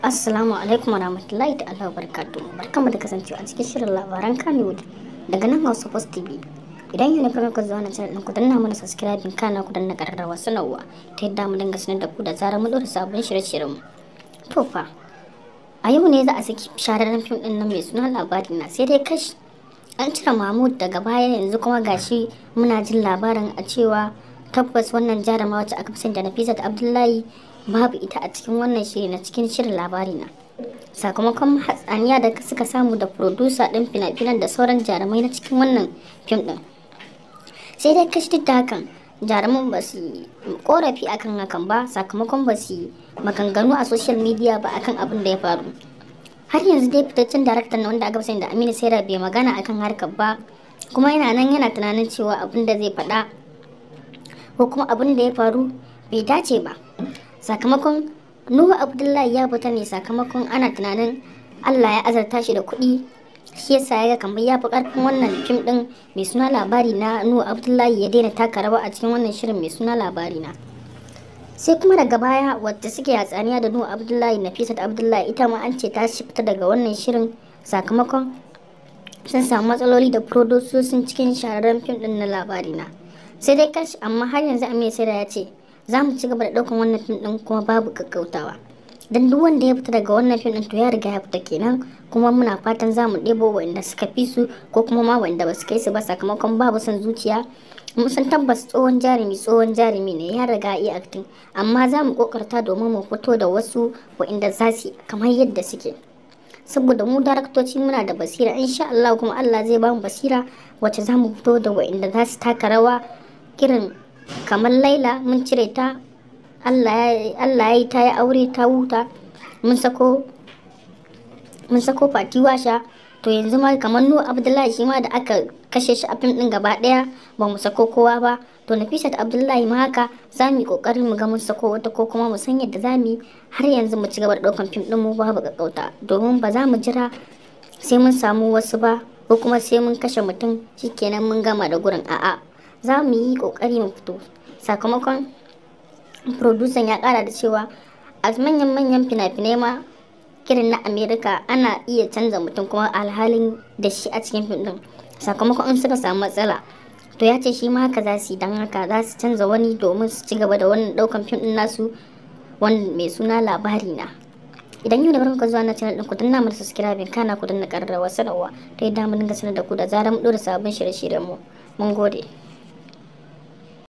Assalamu alaikum warahmatullahi ta'ala wabarakatuh. Barkamu da kasancewa a cikin shirin labaran kanewood daga nan Hausa Post TV. Idan yau ne farkon ka zuwa na channel ɗin ku danna mana din kana ku danna ƙararrawa sanarwa ta yadda mu dinga sanar da ku da zarar mun ɗora sabbin shirye-shiryen mu. To fa a yau ne za a saki shahararren fim ɗin nan mai suna labari na sai dai kash an cire Mahmud daga baya yanzu kuma gashi muna jin labarin a cewa tabbas wannan jarumawa ce aka fi sanya da Nafisa Abdullahi babu ita a cikin wannan shiri na cikin shirin labari na sakamakon hatsaniya da suka samu da furodusa din fina-finan da sauran jarumai na cikin wannan fim ɗin sai dai kashi duk da hakan jaruman ba su korafi akan hakan ba sakamakon ba su maganganu a social media ba akan abin da ya faru har yanzu dai fitaccen na wanda aka sani da aminu saira bai magana akan harkar ba kuma yana nan yana tunanin cewa abin da zai faɗa ko kuma abin da ya faru bai dace ba sakamakon nuhu abdullahi ya fita ne sakamakon ana tunanin allah ya azarta shi da kuɗi shi yasa ya kamar ya fi ƙarfin wannan fim ɗin mai suna labari na nuhu abdullahi ya daina taka rawa a cikin wannan shirin mai suna labari na sai kuma daga baya wadda suke hatsaniya da nuhu abdullahi nafisat abdullahi ita ma an ce ta shi fita daga wannan shirin sakamakon sun samu matsaloli da furodososin cikin shahararren fim din na labari na sai dai kashi amma har yanzu amina sai ya ce za mu ci gaba da ɗaukan wannan fim ɗin kuma babu kakkautawa don duk wanda ya fita daga wannan fim ɗin to ya riga ya fita kenan kuma muna fatan za mu ɗebo waɗanda suka fi su ko kuma ma wainda ba su kai su ba sakamakon babu son zuciya mu san tabbas tsohon jarumi tsohon jarumi ne ya riga iya acting amma za mu kokarta domin mu fito da wasu waɗanda za su kamar yadda suke saboda mu daraktoci muna da basira insha Allah kuma Allah zai ba mu basira wacce za mu fito da waɗanda za su taka rawa kiran. kamar laila mun cire ta allah ya yi ta yi aure ta wuta mun sako fati washa to yanzu ma kamar nu abdullahi shi ma da aka kashe shi a fim din gaba daya ba mu sako kowa ba to nafisat abdullahi ma haka za mu yi kokarin mu ga mun sako wata ko kuma mu san yadda za mu yi har yanzu mu ci gaba da daukan fim din mu babu kakauta domin ba za mu jira sai mun samu wasu ba ko kuma sai mun kashe mutum shikenan mun gama da gurin a'a za mu yi kokari mu fito sakamakon producer ya kara da cewa a manyan manyan fina-finai ma kirin na amerika ana iya canza mutum kuma alhalin da shi a cikin fim din sakamakon in suka samu matsala to ya ce shi ma haka za su don haka za su canza wani domin su ci gaba da wannan daukan fim din nasu wanda mai suna labari na idan yau da barka zuwa na channel din ku danna mana subscribe kana ku danna karrawa sanarwa ta yadda mu dinga sanar da ku da zarar mu dora sabon shirye-shiryen mu mun gode